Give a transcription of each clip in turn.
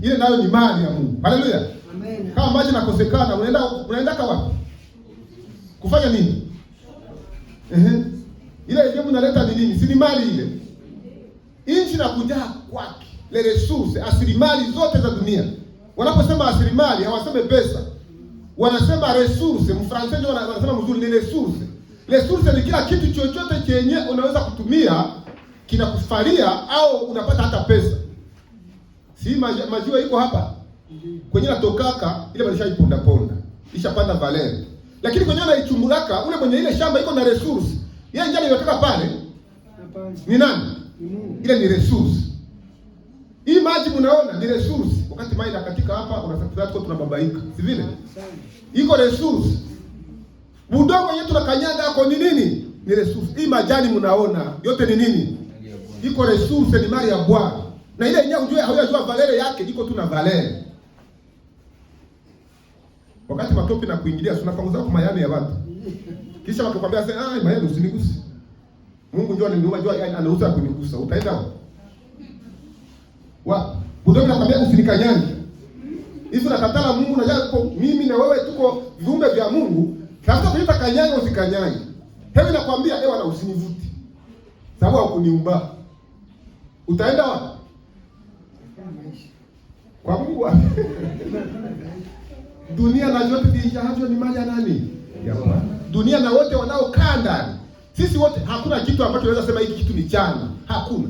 ile nayo ni mali ya Mungu. Haleluya, amen. Kama maji nakosekana, unaenda unaenda kwa wapi kufanya nini? Ehe, ile ile unaleta ni nini? Si ni mali ile, nchi na kujaa kwake, le resource, asilimali zote za dunia. Wanaposema asilimali hawaseme pesa, wanasema resource. Mfransa wanasema mzuri, ni resource. Resource ni kila kitu chochote chenye unaweza kutumia kinakufalia au unapata hata pesa Si maziwa iko hapa kwenye natokaka ile iponda ponda ishapanda valeri, lakini kwenye anaichumulaka ule mwenye ile shamba iko na resource yeye, njani inatoka pale ni nani? Ile ni resource. Hii maji mnaona ni resource. Wakati maji nakatika hapa, unafikiria tuko tunababaika, si vile? Iko resource. Udongo wenyewe tunakanyaga hapo ni nini? Ni resource. Hii majani mnaona yote ni nini? Iko resource, ni mali ya Bwana na ile yenyewe hujue, haujajua valere yake iko tu na valere. Wakati matope na kuingilia, tunapanguza kwa mayani ya watu, kisha wakikwambia sasa, ah, mayani usiniguse. Mungu njoo ananiuma, njoo anauza kunigusa, utaenda wapi? wa kutoka na kwambia usinikanyange hivi, nakatala Mungu na jako mimi na wewe tuko viumbe vya Mungu, Sasa kuita kanyange, usikanyange. Hebu nakwambia ewa na usinivuti, sababu hakuniumba, utaenda wapi? kwa Mungu dunia na vyote viijavyo ni mali ya nani? Dunia na wote wanaokaa ndani. Sisi wote hakuna kitu ambacho tunaweza sema hiki kitu ni changu. Hakuna.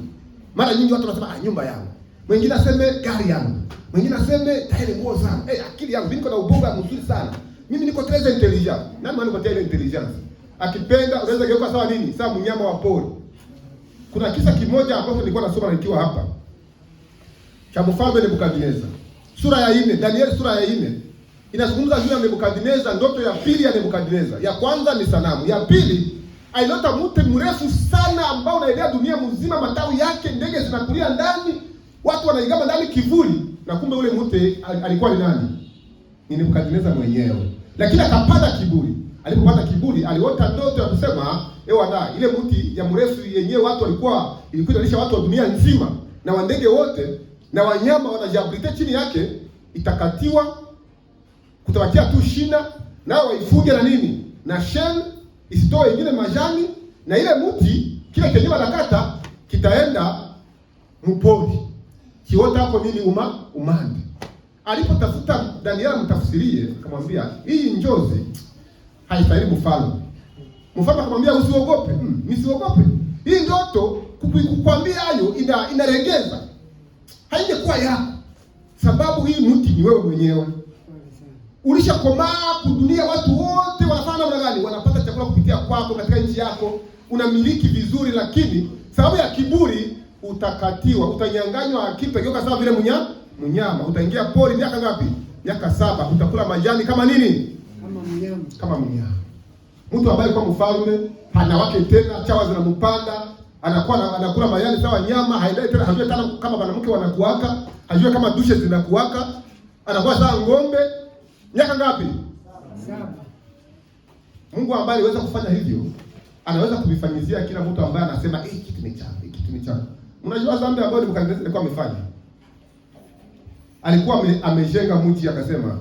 Mara nyingi watu wanasema ah, nyumba yangu. Mwingine aseme gari yangu. Mwingine aseme tairi nguo zangu. Eh, hey, akili yangu niko na ubongo mzuri sana. Mimi niko très intelligent. Nani maana kwa très intelligent? Akipenda unaweza geuka sawa nini? Sawa mnyama wa pori. Kuna kisa kimoja ambacho nilikuwa nasoma nikiwa hapa cha mfalme Nebukadneza. Sura ya nne, Danieli sura ya nne inazungumza juu ya Nebukadneza, ndoto ya pili ya Nebukadneza. Ya kwanza ni sanamu, ya pili aliota mti mrefu sana ambao unaelea dunia mzima, matawi yake, ndege zinakulia ndani, watu wanaigama ndani kivuli, na kumbe ule mti alikuwa ni nani? Ni Nebukadneza mwenyewe, lakini akapata kiburi. Alipopata kiburi, aliota ndoto ya kusema ewe na ile mti ya mrefu yenyewe watu walikuwa ilikuwa inalisha watu wa dunia nzima na wandege wote na wanyama wanajiabrite chini yake, itakatiwa kutawatia tu shina, nao waifuge na nini na shell, isitoe ingine majani, na ile mti kile kenye wanakata kitaenda mpori kiota hapo nini uma umande. Alipotafuta Daniela mtafsirie, akamwambia hii njozi haifaili mfalme. Mfalme akamwambia usiogope. Hmm, nisiogope hii ndoto kukwambia hayo ina inaregeza haingekuwa yako, sababu hii mti ni wewe mwenyewe. Ulishakomaa kudunia, watu wote wanafanya namna gani? Wanapata chakula kupitia kwako, katika nchi yako unamiliki vizuri, lakini sababu ya kiburi utakatiwa, utanyanganywa, kioka, sawa vile mnya mnyama. Utaingia pori miaka ngapi? Miaka saba. Utakula majani kama nini? Kama mnyama, kama mnyama. Mtu ambaye kwa mfalme hana wake tena, chawa zinampanda anakuwa anakula mayai sawa nyama, haidai tena, hajui tena kama wanamke wanakuaka, hajui kama dushe zinakuaka, anakuwa sawa ng'ombe. Miaka ngapi? Mungu ambaye aliweza kufanya hivyo anaweza kuvifanyizia kila mtu ambaye anasema hey, eh, kitu ni changu, eh, kitu ni cha. Unajua dhambi ambayo Nebukadneza alikuwa amefanya, alikuwa amejenga mji akasema,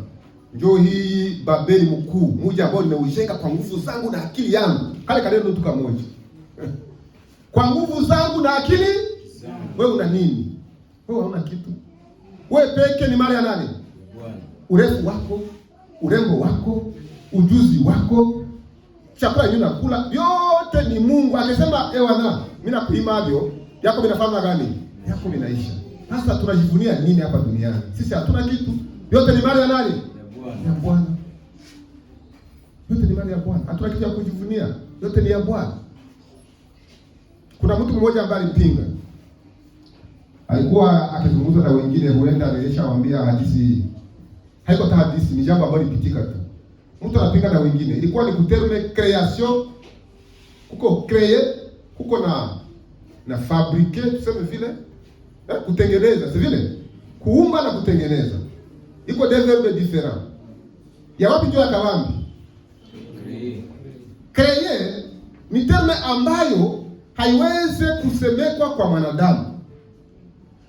njoo hii Babeli mkuu, mji ambao nimeujenga kwa nguvu zangu na akili yangu, kale kale ndo tukamoja kwa nguvu zangu na akili wewe una nini? Wewe hauna kitu. Wewe peke ni mali ya nani? Urefu wako, urembo wako, ujuzi wako, chakula yenyewe nakula, yote ni Mungu. Akisema eh, wana, mimi nakuima hivyo, yako vinafanya gani? Yako vinaisha. Sasa tunajivunia nini hapa duniani? Sisi hatuna kitu. Yote ni mali ya nani? Ya Bwana. Yote ni mali ya Bwana. Hatuna kitu ya kujivunia. Yote ni ya Bwana. Kuna mtu mmoja ambaye alimpinga, alikuwa akizungumza na wengine, huenda ameshawaambia hadithi hii. Haiko ta hadithi, ni jambo ambalo lipitika tu. Mtu anapinga na wengine, ilikuwa ni kuterme creation, kuko créer, kuko na na fabrique, tuseme vile na eh, kutengeneza, si vile kuumba na kutengeneza, iko deux verbes Ya wapi jua kawambi kreye ni terme ambayo haiwezi kusemekwa kwa mwanadamu.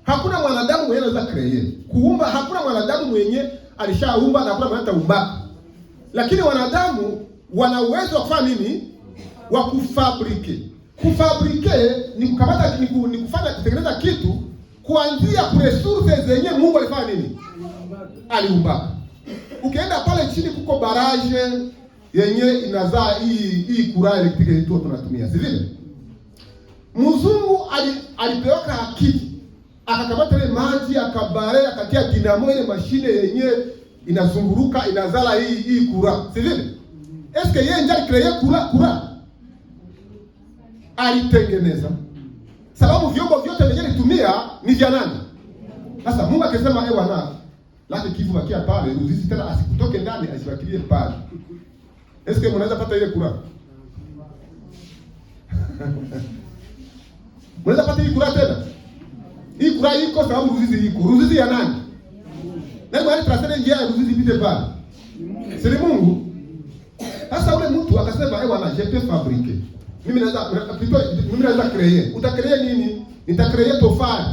Hakuna mwanadamu mwenye anaweza kreye kuumba, hakuna mwanadamu mwenye alishaumba na hakuna mwenye ataumba, lakini wanadamu wana uwezo wa kufanya nini? Wa kufabrike. Kufabrike ni kukamata, ni kufanya, kutengeneza kitu kuanzia resources zenye Mungu alifanya nini, aliumba. Ukienda pale chini kuko baraje yenye inazaa hii hii kuraa elektrike tunatumia, si vile? mzungu alipeweka akili akakamata ile maji akabarea akatia dinamo ile mashine yenye inazunguruka inazala hii hii kura, si vile? Eske yeye ndio alicreate kura kura, alitengeneza sababu vyombo vyote vyenyewe nitumia ni vya nani? Sasa Mungu akisema ewe eh, wana lake kivu wakia pale uzizi tena asikutoke ndani asiwakilie pale. Eske mnaweza pata ile kura Mnaweza pata hii kura tena? Hii kura iko sababu Ruzizi iko. Ruzizi ya nani? Na hiyo hali tunasema njia ya Ruzizi pite pale. Siri Mungu. Sasa ule mtu akasema, "Eh bwana, je peux fabriquer." Mimi naweza mimi naweza create. Utacreate nini? Nitacreate tofali.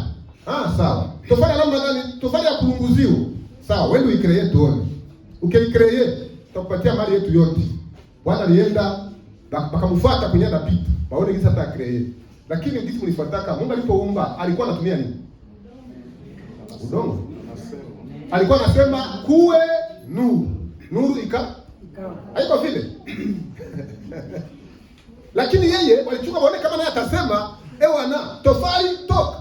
Ah, sawa. Tofali alama gani? Tofali ya kuunguziwa. Sawa, wewe ndio icreate wewe. Ukiicreate, tutakupatia mali yetu yote. Bwana alienda bakamfuata kwenye na Baone kisa ta créer. Lakini ndipo mlifuataka, Mungu alipoumba alikuwa anatumia nini? Udongo. Alikuwa anasema kuwe nuru. Nuru ika haiko vile. Lakini yeye walichuka waone kama naye atasema, ewe ana tofali toka.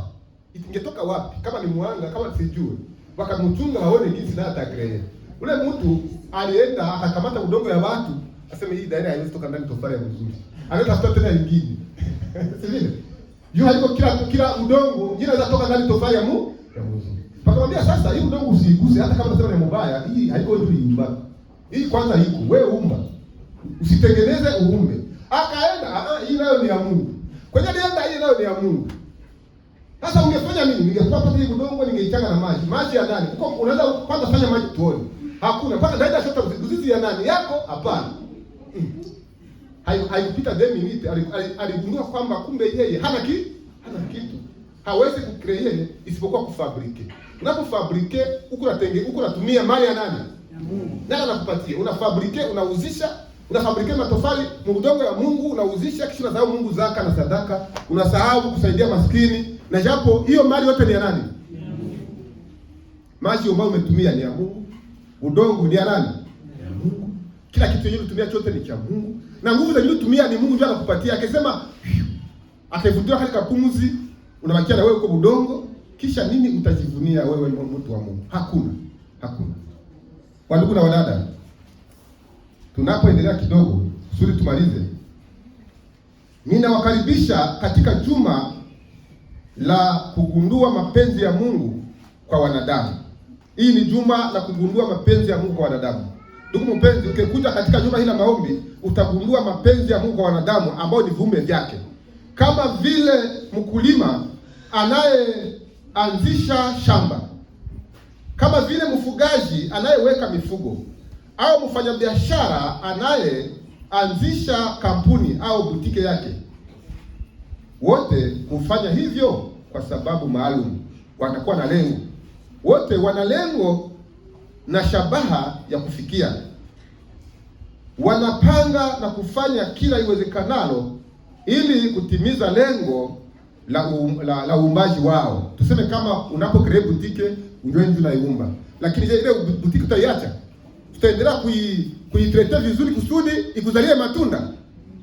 Ingetoka wapi? Kama ni mwanga, kama sijue. Wakamchunga waone jinsi naye atagree. Ule mtu alienda akakamata udongo ya watu, aseme hii daire haiwezi toka ndani tofali ya mzuri. Anaenda tena nyingine. Jua liko kila kila udongo, jina linatoka ndani tofali ya Mungu. Pakamwambia sasa hii udongo usiguse hata kama unasema ni mbaya, hii haiko hivi nyumba. Hii kwanza iko wewe umba. Usitengeneze uume. Akaenda, ah hii nayo ni ya Mungu. Kwa hiyo hii nayo ni ya Mungu. Sasa ungefanya nini? Ningekuwa pata hii udongo ningeichanga na maji. Maji ya ndani. Uko unaweza kwanza fanya maji tuone. Hakuna. Kwanza daida shota usizizi ya nani yako? Hapana. Mm haikupita hai minute aligundua kwamba kumbe yeye hana ki, hana kitu hawezi kucreate isipokuwa kufabrike. Unapofabrike huko natenge huko natumia mali ya nani? Ya Mungu. Nani anakupatia? Unafabrike, unauzisha, unafabrike matofali mudongo ya Mungu unauzisha, kisha unasahau Mungu zaka na sadaka, unasahau kusaidia maskini, na japo hiyo mali yote ni ya nani? Ya Mungu. Maji ambayo umetumia ni ya Mungu. Udongo ni ya nani? kila kitu yenyewe unatumia chote ni cha Mungu, na nguvu za unatumia ni Mungu ndiye anakupatia. Akisema akaivutia katika pumzi, unabakia na wewe uko udongo, kisha nini utajivunia wewe mtu wa Mungu? Hakuna, hakuna. Wandugu na wadada, tunapoendelea kidogo kusudi tumalize, ninawakaribisha katika juma la kugundua mapenzi ya Mungu kwa wanadamu. Hii ni juma la kugundua mapenzi ya Mungu kwa wanadamu. Ndugu mpenzi, ukikuja katika nyumba hili la maombi utagundua mapenzi ya Mungu kwa wanadamu ambao ni viumbe vyake, kama vile mkulima anayeanzisha shamba, kama vile mfugaji anayeweka mifugo, au mfanyabiashara anayeanzisha kampuni au butike yake. Wote hufanya hivyo kwa sababu maalum, wanakuwa na lengo. Wote wana lengo na shabaha ya kufikia. Wanapanga na kufanya kila iwezekanalo ili kutimiza lengo la um, la, la uumbaji wao. Tuseme kama unapo create boutique unjue na unaiumba, lakini je, ile boutique utaiacha? Tutaendelea kui vizuri kusudi ikuzalie matunda.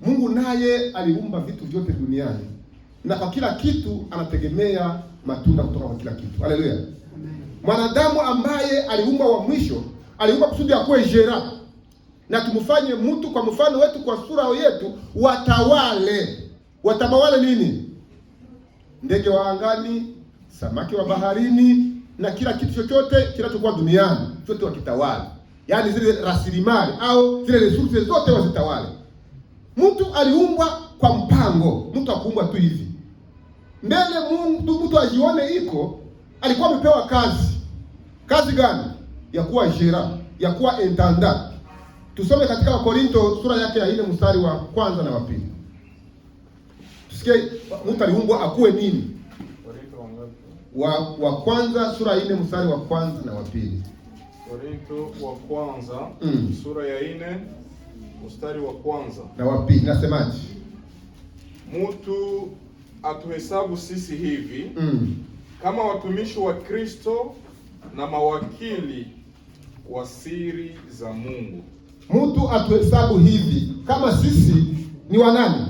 Mungu naye aliumba vitu vyote duniani, na kwa kila kitu anategemea matunda kutoka kwa kila kitu. Haleluya! mwanadamu ambaye aliumbwa wa mwisho, aliumbwa kusudi kuwe jera, na tumfanye mtu kwa mfano wetu, kwa sura yetu, watawale. Watawale nini? Ndege wa angani, samaki wa baharini na kila kitu chochote kinachokuwa duniani, chote wakitawale, yaani zile rasilimali au zile resources zote wazitawale. Mtu aliumbwa kwa mpango, mtu akuumbwa tu hivi mbele Mungu mtu ajione iko, alikuwa amepewa kazi Kazi gani? Ya kuwa jera, ya kuwa entanda? Tusome katika Wakorinto sura yake ya 4 mstari wa kwanza na wa pili. Tusikie mtu aliumbwa akuwe nini? Wa, wa kwanza sura ya 4 mstari wa kwanza na wa pili. Wakorinto wa kwanza mm. sura ya 4 mstari wa kwanza na wa pili nasemaje? Mtu atuhesabu sisi hivi mm. kama watumishi wa Kristo na mawakili wa siri za Mungu. Mtu atuhesabu hivi kama sisi ni wanani?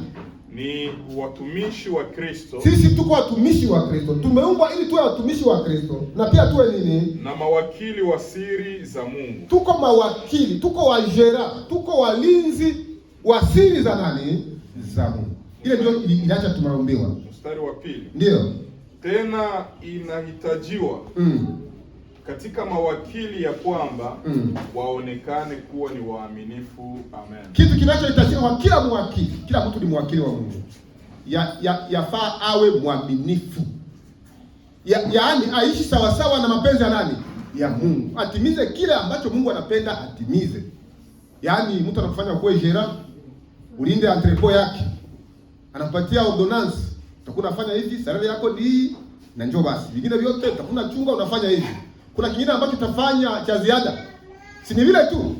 Ni watumishi wa Kristo. Sisi tuko watumishi wa Kristo, tumeumbwa ili tuwe watumishi wa Kristo na pia tuwe nini? Na mawakili wa siri za Mungu. Tuko mawakili, tuko wajera, tuko walinzi wa siri za nani? Za Mungu. Ile ndio iliacha tumeombiwa. Mstari wa pili. Ndio. Tena inahitajiwa mm katika mawakili ya kwamba mm. waonekane kuwa ni waaminifu. Amen. Kitu kinachohitajika kwa kila mwakili, kila mtu ni mwakili wa Mungu, ya, ya, yafaa awe mwaminifu, ya, yaani aishi sawasawa na mapenzi ya nani? Ya Mungu, atimize kile ambacho Mungu anapenda atimize. Yaani mtu anakufanya kuwe jera, ulinde entrepo yake, anapatia ordonance, utakuwa unafanya hivi, sarari yako ni na njoo basi, vingine vyote utakuwa unachunga, unafanya hivi kuna kingine ambacho utafanya cha ziada. Si ni vile tu?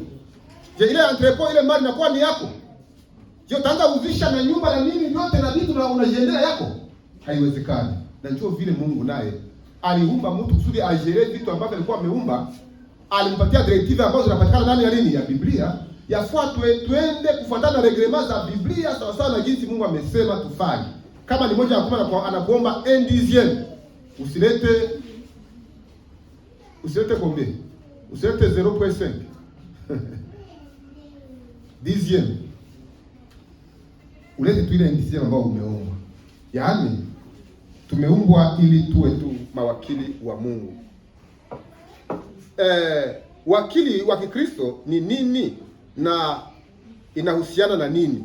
Je, ile entrepot ile mali inakuwa ni yako? Je, utaanza kuzisha na nyumba na nini yote na vitu na unajiendea yako? Haiwezekani. Na ndio vile Mungu naye aliumba mtu kusudi ajere vitu ambavyo alikuwa ameumba, alimpatia directive ambazo zinapatikana ndani ya nini ya Biblia, yafuatwe twende kufuatana na regrema za Biblia sawa sawa na jinsi Mungu amesema tufanye. Kama ni moja ya kwa anakuomba endizieni usilete Usilete combien? Usilete 0.5. Dixième. Ulete tu ile dixième ambayo umeumbwa. Yaani tumeumbwa ili tuwe tu mawakili wa Mungu. Eh, wakili wa Kikristo ni nini na inahusiana na nini?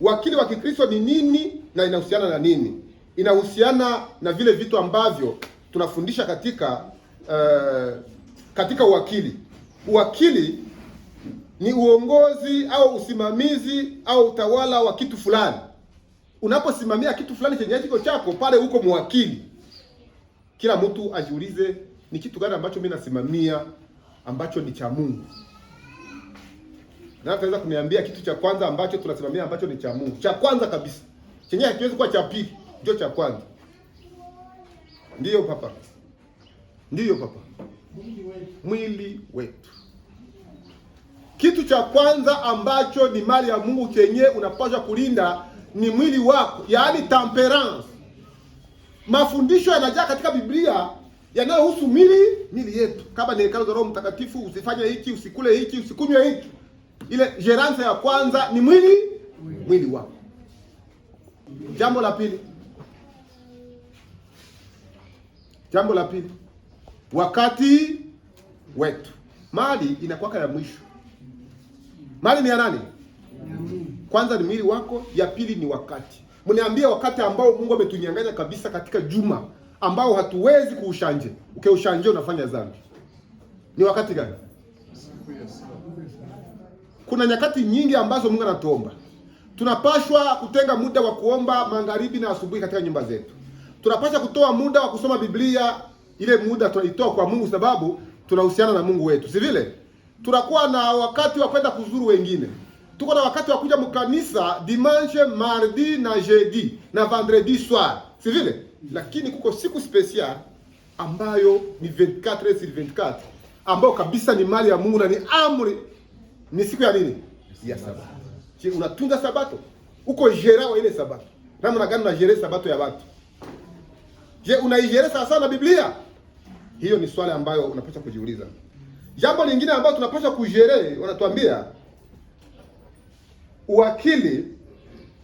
Wakili wa Kikristo ni nini na inahusiana na nini? Inahusiana na vile vitu ambavyo tunafundisha katika Eh, katika uwakili. Uwakili ni uongozi au usimamizi au utawala wa kitu fulani. Unaposimamia kitu fulani chenye kiko chako pale, huko mwakili. Kila mtu ajiulize, ni kitu gani ambacho mimi nasimamia ambacho ni cha Mungu? Na ataweza kuniambia kitu cha kwanza ambacho tunasimamia ambacho ni cha Mungu, cha kwanza kabisa, chenye hakiwezi kuwa cha pili, ndio cha kwanza. ndio papa ndiyo papa, mwili wetu. Kitu cha kwanza ambacho ni mali ya Mungu kenye unapaswa kulinda ni mwili wako, yaani temperance. Mafundisho yanajaa katika Biblia yanayohusu mwili mwili yetu, kama ni hekalu za Roho Mtakatifu, usifanye hiki, usikule hiki, usikunywe hiki. Ile jeransa ya kwanza ni mwili mwili wako. Jambo la pili, jambo la pili wakati wetu. Mali inakuwa ya mwisho. Mali ni ya nani? Kwanza ni mwili wako, ya pili ni wakati. Mniambie wakati ambao Mungu ametunyang'anya kabisa katika juma ambao hatuwezi kuushanje. Ukiushanje unafanya dhambi. Ni wakati gani? Kuna nyakati nyingi ambazo Mungu anatuomba. Tunapashwa kutenga muda wa kuomba magharibi na asubuhi katika nyumba zetu. Tunapaswa kutoa muda wa kusoma Biblia ile muda tunaitoa kwa Mungu sababu tunahusiana na Mungu wetu, si vile? Tunakuwa na wakati wa kwenda kuzuru wengine, tuko na wakati wa kuja mkanisa dimanche, mardi na jeudi na vendredi soir, si vile? Lakini kuko siku special ambayo ni 24 sur 24 ambayo kabisa ni mali ya Mungu na ni amri, ni siku ya nini? Ya Sabato. Je, unatunza Sabato? Uko jera wa ile Sabato? Namna gani unajere Sabato ya watu? Je, unaijere sawasawa na Biblia? Hiyo ni swali ambayo unapaswa kujiuliza. Jambo lingine ambalo tunapaswa kujielewe, wanatuambia uwakili.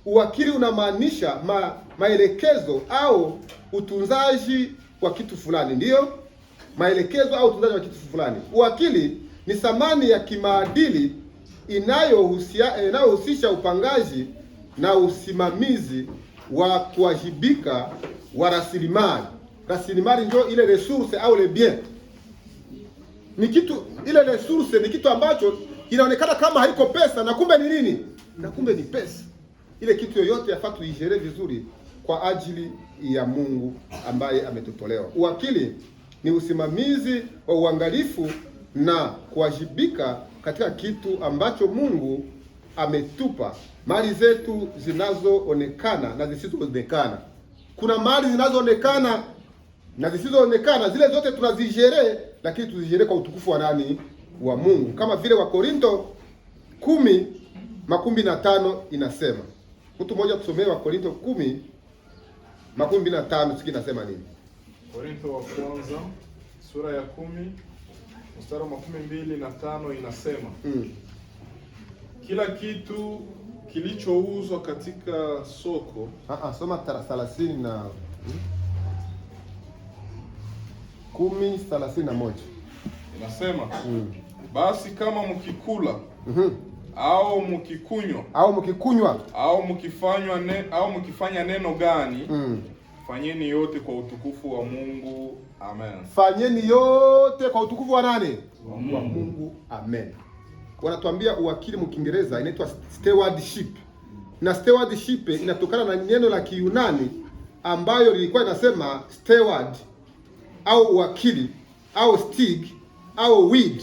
Uwakili unamaanisha ma, maelekezo au utunzaji wa kitu fulani, ndiyo maelekezo au utunzaji wa kitu fulani. Uwakili ni thamani ya kimaadili inayohusisha inayohusisha upangaji na usimamizi wa kuwajibika wa rasilimali Rasilimali ndio ile resource au le bien, ni kitu ile resource ni kitu ambacho inaonekana kama haiko pesa, na kumbe ni nini? Na kumbe ni pesa. Ile kitu yoyote yafaa tuijere vizuri kwa ajili ya Mungu ambaye ametutolewa. Uwakili ni usimamizi wa uangalifu na kuwajibika katika kitu ambacho Mungu ametupa, mali zetu zinazoonekana na zisizoonekana. Kuna mali zinazoonekana na zisizoonekana zile zote tunazijere, lakini tuzijere kwa utukufu wa nani? Wa Mungu, kama vile wa Korinto kumi makumi na tano inasema. Mtu mmoja tusomee wa Korinto kumi makumi na tano siki inasema nini? Korinto wa kwanza sura ya kumi mstari wa makumi mbili na tano inasema mm. Kila kitu kilichouzwa katika soko. Ah, ah, soma thelathini na mm kumi thelathini na moja inasema mm. Basi kama mkikula mm -hmm. au mkikunywa au mkikunywa au mkifanywa ne, au mkifanya neno gani mm. fanyeni yote kwa utukufu wa Mungu amen. Fanyeni yote kwa utukufu wa nani? wa Mungu amen. Wanatuambia uwakili mkiingereza inaitwa stewardship na stewardship inatokana na neno la Kiyunani ambayo lilikuwa inasema steward au wakili au stig au weed,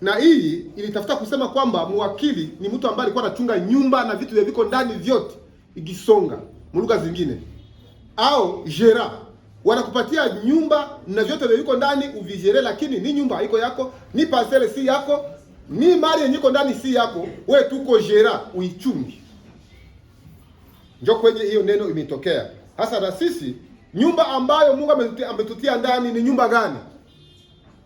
na hii ilitafuta kusema kwamba mwakili ni mtu ambaye alikuwa anachunga nyumba na vitu viko ndani vyote, ikisonga mlugha zingine, au jera wanakupatia nyumba na vyote viko ndani uvijere, lakini ni nyumba iko yako, ni parcele si yako, ni mali yenye iko ndani si yako, we tuko jera uichungi. Njo kwenye hiyo neno imetokea hasa na sisi Nyumba ambayo Mungu ametutia ndani ni nyumba gani?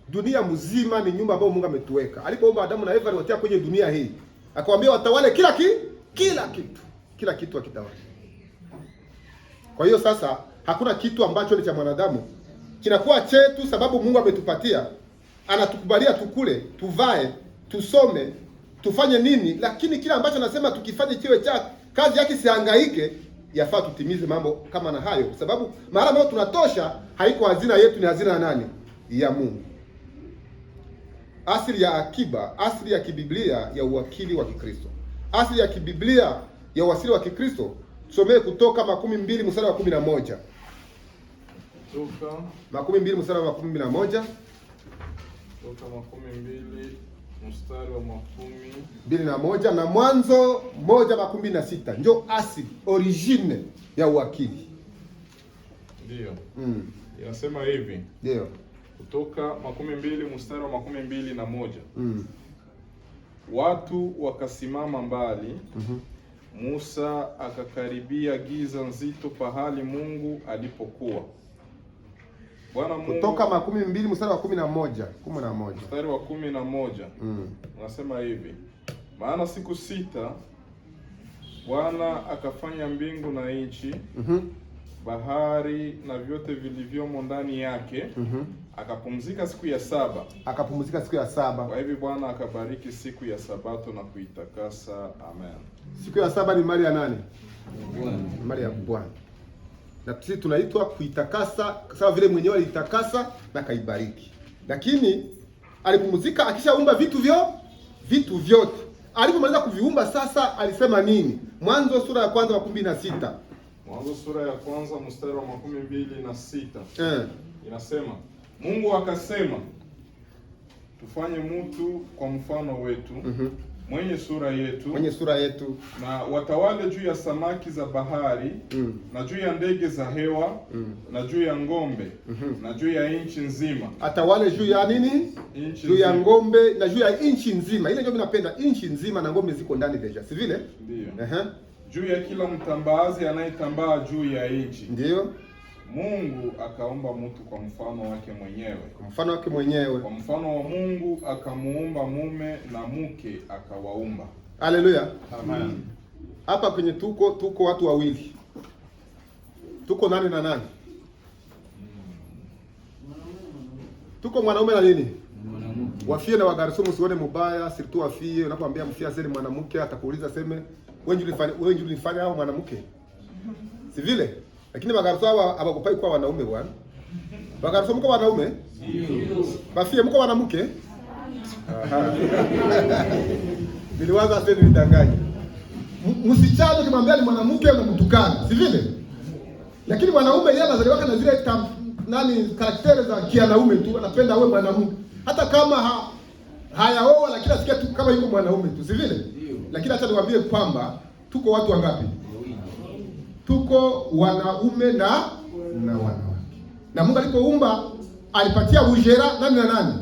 Dunia mzima ni nyumba ambayo Mungu ametuweka. Alipoomba Adamu na Eva aliwatia kwenye dunia hii, akawaambia watawale kila ki, kila kitu, kila kitu akitawale. Kwa hiyo sasa hakuna kitu ambacho ni cha mwanadamu kinakuwa chetu, sababu Mungu ametupatia, anatukubalia tukule, tuvae, tusome, tufanye nini, lakini kile ambacho anasema tukifanye kiwe cha kazi yake, sihangaike yafaa tutimize mambo kama na hayo, kwa sababu mahala ambayo tunatosha haiko hazina yetu, ni hazina ya nani? Ya Mungu. Asili ya akiba, asili ya kibiblia ya uwakili wa Kikristo, asili ya kibiblia ya uwasili wa Kikristo. Tusomee Kutoka makumi mbili mstari wa kumi na moja Kutoka makumi mbili mstari wa kumi na moja Kutoka makumi mbili mstari wa makumi mbili na moja na Mwanzo moja makumi na sita njo asili origine ya uwakili. Ndio mm. hivi ndio kutoka makumi mbili mstari wa makumi mbili na moja mm. Watu wakasimama mbali mm -hmm. Musa akakaribia giza nzito pahali Mungu alipokuwa Bwana Mungu kutoka makumi mbili mstari wa kumi na moja kumi na moja mstari wa kumi na moja mm. Unasema hivi, maana siku sita Bwana akafanya mbingu na nchi mm -hmm. bahari na vyote vilivyomo ndani yake mm -hmm. akapumzika siku ya saba akapumzika siku ya saba. Kwa hivyo Bwana akabariki siku ya sabato na kuitakasa. Amen. Siku ya saba ni mali ya nani? Mali ya Bwana na sisi tunaitwa kuitakasa sawa vile mwenyewe alitakasa na kaibariki. Lakini alipumzika akishaumba vitu vyo vitu vyote alipomaliza kuviumba sasa, alisema nini? Mwanzo sura ya kwanza makumi na sita Mwanzo sura ya kwanza mstari wa makumi mbili na sita eh, inasema Mungu akasema tufanye mtu kwa mfano wetu, mm -hmm mwenye sura yetu mwenye sura yetu, na watawale juu ya samaki za bahari mm. na juu ya ndege za hewa mm. na juu ya ng'ombe mm -hmm. na juu ya nchi nzima. Atawale juu ya nini? Juu ya ng'ombe na juu ya nchi nzima. Ile ndio mimi napenda, nchi nzima na ng'ombe ziko ndani deja, si vile? Ndio. uh -huh. juu ya kila mtambaazi anayetambaa juu ya nchi, ndio Mungu akaumba mtu kwa mfano wake mwenyewe, kwa mfano wake mwenyewe, kwa mfano wa Mungu akamuumba mume na mke akawaumba. Haleluya, amen. Hapa kwenye tuko tuko watu wawili, tuko nani na nani? Tuko mwanaume na nini? Wafie na wagarisumu, usione mubaya sirtu wafie. Unapoambia mfia sema mwanamke, atakuuliza seme, wewe ndio ulifanya wewe ndio ulifanya au mwanamke, si vile? Lakini magarso hawa hawakupai kuwa wanaume bwana. Magarso mko wanaume? Ndio. Basi mko wanamke? Aha. Niliwaza sasa nidanganye. Msichana ukimwambia ni mwanamke unamtukana, si vile? Lakini mwanaume yeye anazaliwa na zile tam nani karaktere za kianaume tu, anapenda awe mwanamke. Hata kama ha, hayaoa lakini asikia tu kama yuko mwanaume tu, si vile? Lakini acha niwaambie kwamba tuko watu wangapi? tuko wanaume na na wanawake, na Mungu alipoumba alipatia ujera nani na nani?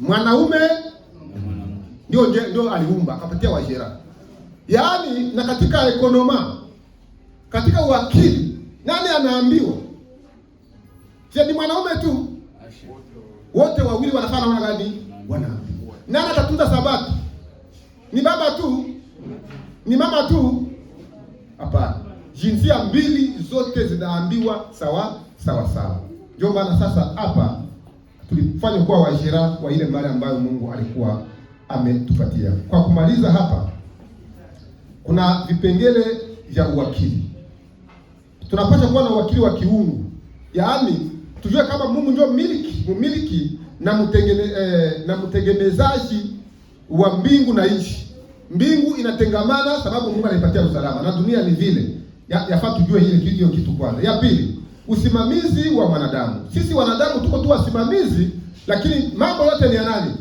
Mwanaume ndio ndio aliumba akapatia wajera, yaani na katika ekonoma, katika uwakili nani anaambiwa? Je, ni mwanaume tu? Wote wawili wanafaa namna gani? Wanaambiwa. Nani atatunza sabato? Ni baba tu? Ni mama tu? Hapana jinsia mbili zote zinaambiwa sawa sawa sawa. Ndio maana sasa hapa tulifanya kuwa washira wa ile mali ambayo Mungu alikuwa ametupatia. Kwa kumaliza hapa, kuna vipengele vya uwakili. Tunapaswa kuwa na uwakili wa kiungu, yaani tujue kama Mungu ndio miliki mmiliki na mtegeme, eh, na mtegemezaji wa mbingu na nchi. Mbingu inatengamana sababu Mungu anaipatia usalama na dunia ni vile ya, yafaa tujue hili hiyo kitu kwanza. Ya pili, usimamizi wa mwanadamu. Sisi wanadamu tuko tu wasimamizi, lakini mambo yote ni ya nani?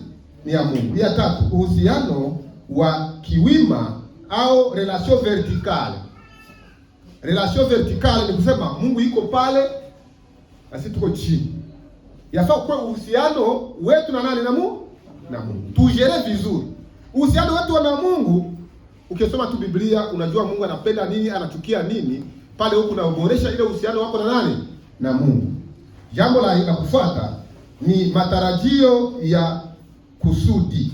Ni ya Mungu. Ya tatu, uhusiano wa kiwima au relation verticale. Relation verticale ni kusema Mungu iko pale na sisi tuko chini. Yafaa kuwa uhusiano wetu na nani? Na Mungu, na Mungu tujere vizuri uhusiano wetu na Mungu Ukisoma tu Biblia unajua Mungu anapenda nini, anachukia nini, pale huku unaboresha ile uhusiano wako na nani, na Mungu. Jambo la la kufuata ni matarajio ya kusudi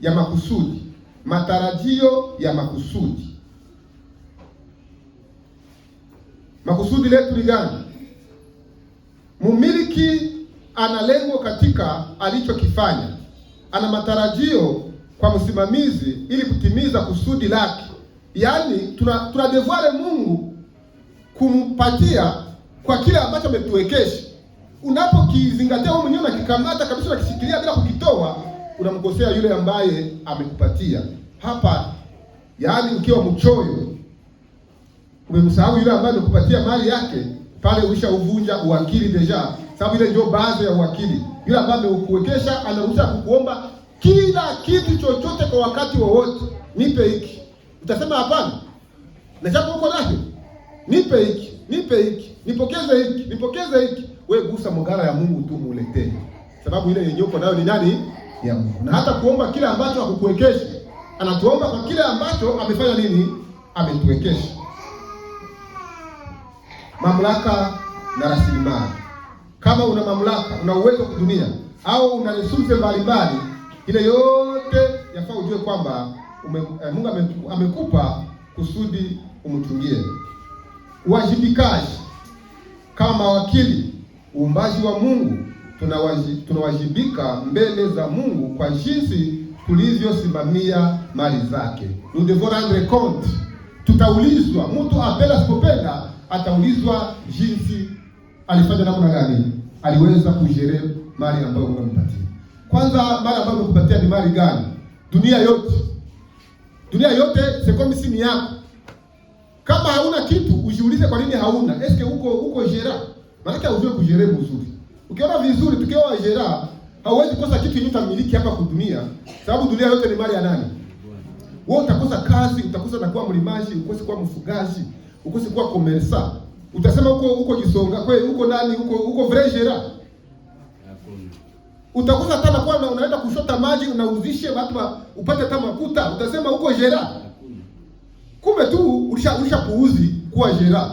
ya makusudi, matarajio ya makusudi. Makusudi letu ni gani? Mumiliki ana lengo katika alichokifanya, ana matarajio kwa msimamizi ili kutimiza kusudi lake. Yaani tuna, tuna devoile Mungu kumpatia kwa kile ambacho ametuwekesha. Unapokizingatia wewe mwenyewe unakikamata kabisa, unakishikilia bila kukitoa, unamkosea yule ambaye amekupatia hapa. Yaani ukiwa mchoyo umemsahau yule ambaye amekupatia mali yake, pale ulishauvunja uwakili deja, sababu ile ndio baadhi ya uwakili. Yule ambaye amekuwekesha anaruhusa kukuomba kila kitu chochote kwa wakati wowote, nipe hiki. Utasema hapana, na japo uko nipe hiki, nipe hiki, nipokeze hiki, nipokeze hiki. We gusa magara ya Mungu tu muletee, sababu ile yenye uko nayo ni nani? Ya Mungu. Na hata kuomba kile ambacho hakukuwekesha, anatuomba kwa kile ambacho amefanya nini, ametuwekesha mamlaka na rasilimali. Kama una mamlaka, una uwezo kutumia au una resources mbalimbali ile yote yafaa ujue kwamba eh, Mungu amekupa kusudi umtungie. Uwajibikaji kama wakili, uumbaji wa Mungu tunawajibika mbele za Mungu kwa jinsi tulivyosimamia mali zake. Nous devons rendre compte, tutaulizwa. Mtu apenda asipopenda, ataulizwa jinsi alifanya namna gani, aliweza kujere mali ambayo Mungu amempatia. Kwanza mara ambayo amekupatia ni mali gani? Dunia yote, dunia yote sekomisi ni yako. Kama hauna kitu ujiulize, kwa nini hauna? Eske huko huko jera, maanake haujue kujere vizuri. Ukiona vizuri, tukiwa jera, hauwezi kosa kitu yenye utamiliki hapa kwa dunia, sababu dunia yote ni mali ya nani? Wewe utakosa kazi, utakosa na kuwa mlimaji, ukose kuwa mfugaji, ukose kuwa komersa, utasema huko huko jisonga, kwe huko nani, huko huko vrejera utakosa hata nakuwa unaenda kushota maji unauzishe watu upate hata makuta, utasema huko jera. Kumbe tu ulisha ulishapuuzi kuwa jera.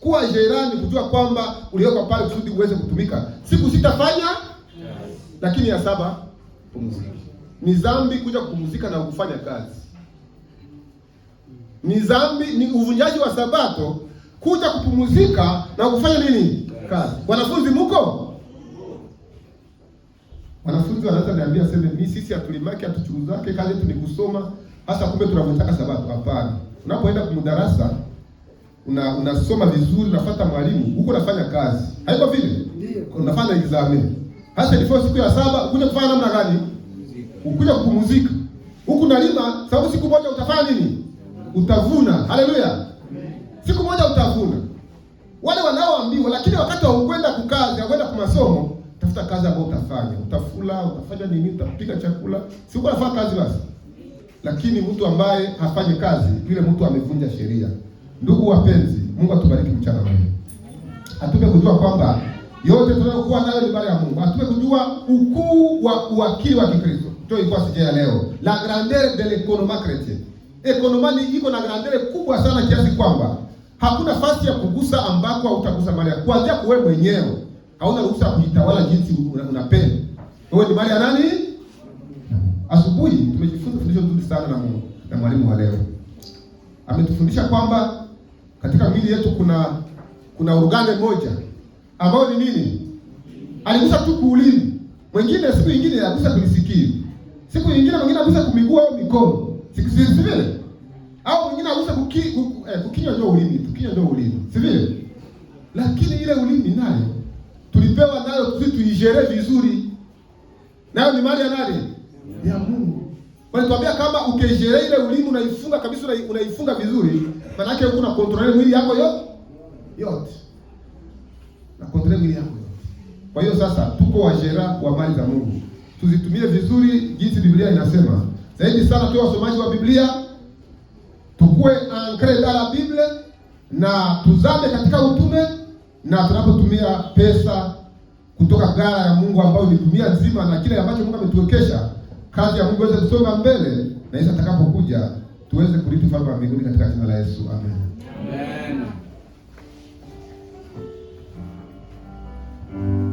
Kuwa jera ni kujua kwamba uliwekwa pale kusudi uweze kutumika siku sitafanya yes. Lakini ya saba pumzika. Ni dhambi kuja kupumzika na kufanya kazi. Ni dhambi, ni uvunjaji wa Sabato kuja kupumzika na kufanya nini? Kazi. Wanafunzi mko Wanafunzi wanaweza niambia sema mimi sisi hatulimaki hatuchunguzake kazi yetu ni kusoma, hasa kumbe tunamtaka sababu. Hapana, unapoenda kwa darasa una unasoma vizuri, unafuata mwalimu huko, unafanya kazi, haiko vile Ndio. unafanya examen. Hasa ilifika siku ya saba, ukuja kufanya namna gani? Ukuja kupumzika huku nalima, sababu siku moja utafanya nini? Utavuna. Haleluya, siku moja utavuna. Wale wanaoambiwa, lakini wakati wa kwenda kukazi, kwenda kwa masomo sita kazi ambayo utafanya, utafula, utafanya nini, utapika chakula, si unafanya kazi basi. Lakini mtu ambaye hafanyi kazi, yule mtu amevunja sheria. Ndugu wapenzi, Mungu atubariki mchana mwema. atupe kujua kwamba yote tunayokuwa nayo ni mali ya Mungu. atupe kujua ukuu wa uwakili wa Kikristo. Ndio ilikuwa sija ya leo. La grandeur de l'économie chrétienne. Ekonomani iko na grandeur kubwa sana kiasi kwamba hakuna fasi ya kugusa ambako hautagusa mali yako. Kuanzia kuwe mwenyewe hauna ruhusa kujitawala jinsi unapenda wewe. Ni mali ya nani? Asubuhi tumejifunza fundisho nzuri sana na Mungu na mwalimu wa leo ametufundisha kwamba katika mwili yetu kuna kuna organe moja ambayo ni nini? Aligusa tu kuulimi, mwingine siku nyingine aligusa kulisikia, siku nyingine mwingine aligusa kumiguu au mikono, siku si vile, au mwingine aligusa kuki, eh, kukinywa ndio ulimi, kukinywa ndio ulimi, si vile? Lakini ile ulimi nayo tulipewa nayo sisi tuijere vizuri, nayo ni mali ya nani? Ya Mungu. Walitwambia kama ukijere ile ulimu unaifunga kabisa, unaifunga vizuri, maana yake uko na kontrole mwili yako yote yote, na kontrole mwili yako yote. Kwa hiyo sasa tuko wajera wa mali za Mungu, tuzitumie vizuri jinsi Biblia inasema. Zaidi sana tuwe wasomaji wa Biblia, tukue ankre dala la na tuzame katika utume na tunapotumia pesa kutoka gara ya Mungu ambayo ni dunia nzima na kile ambacho Mungu ametuwekesha, kazi ya Mungu iweze kusonga mbele, na Yesu atakapokuja tuweze kurithi ufalme wa mbinguni katika jina la Yesu, amen, amen.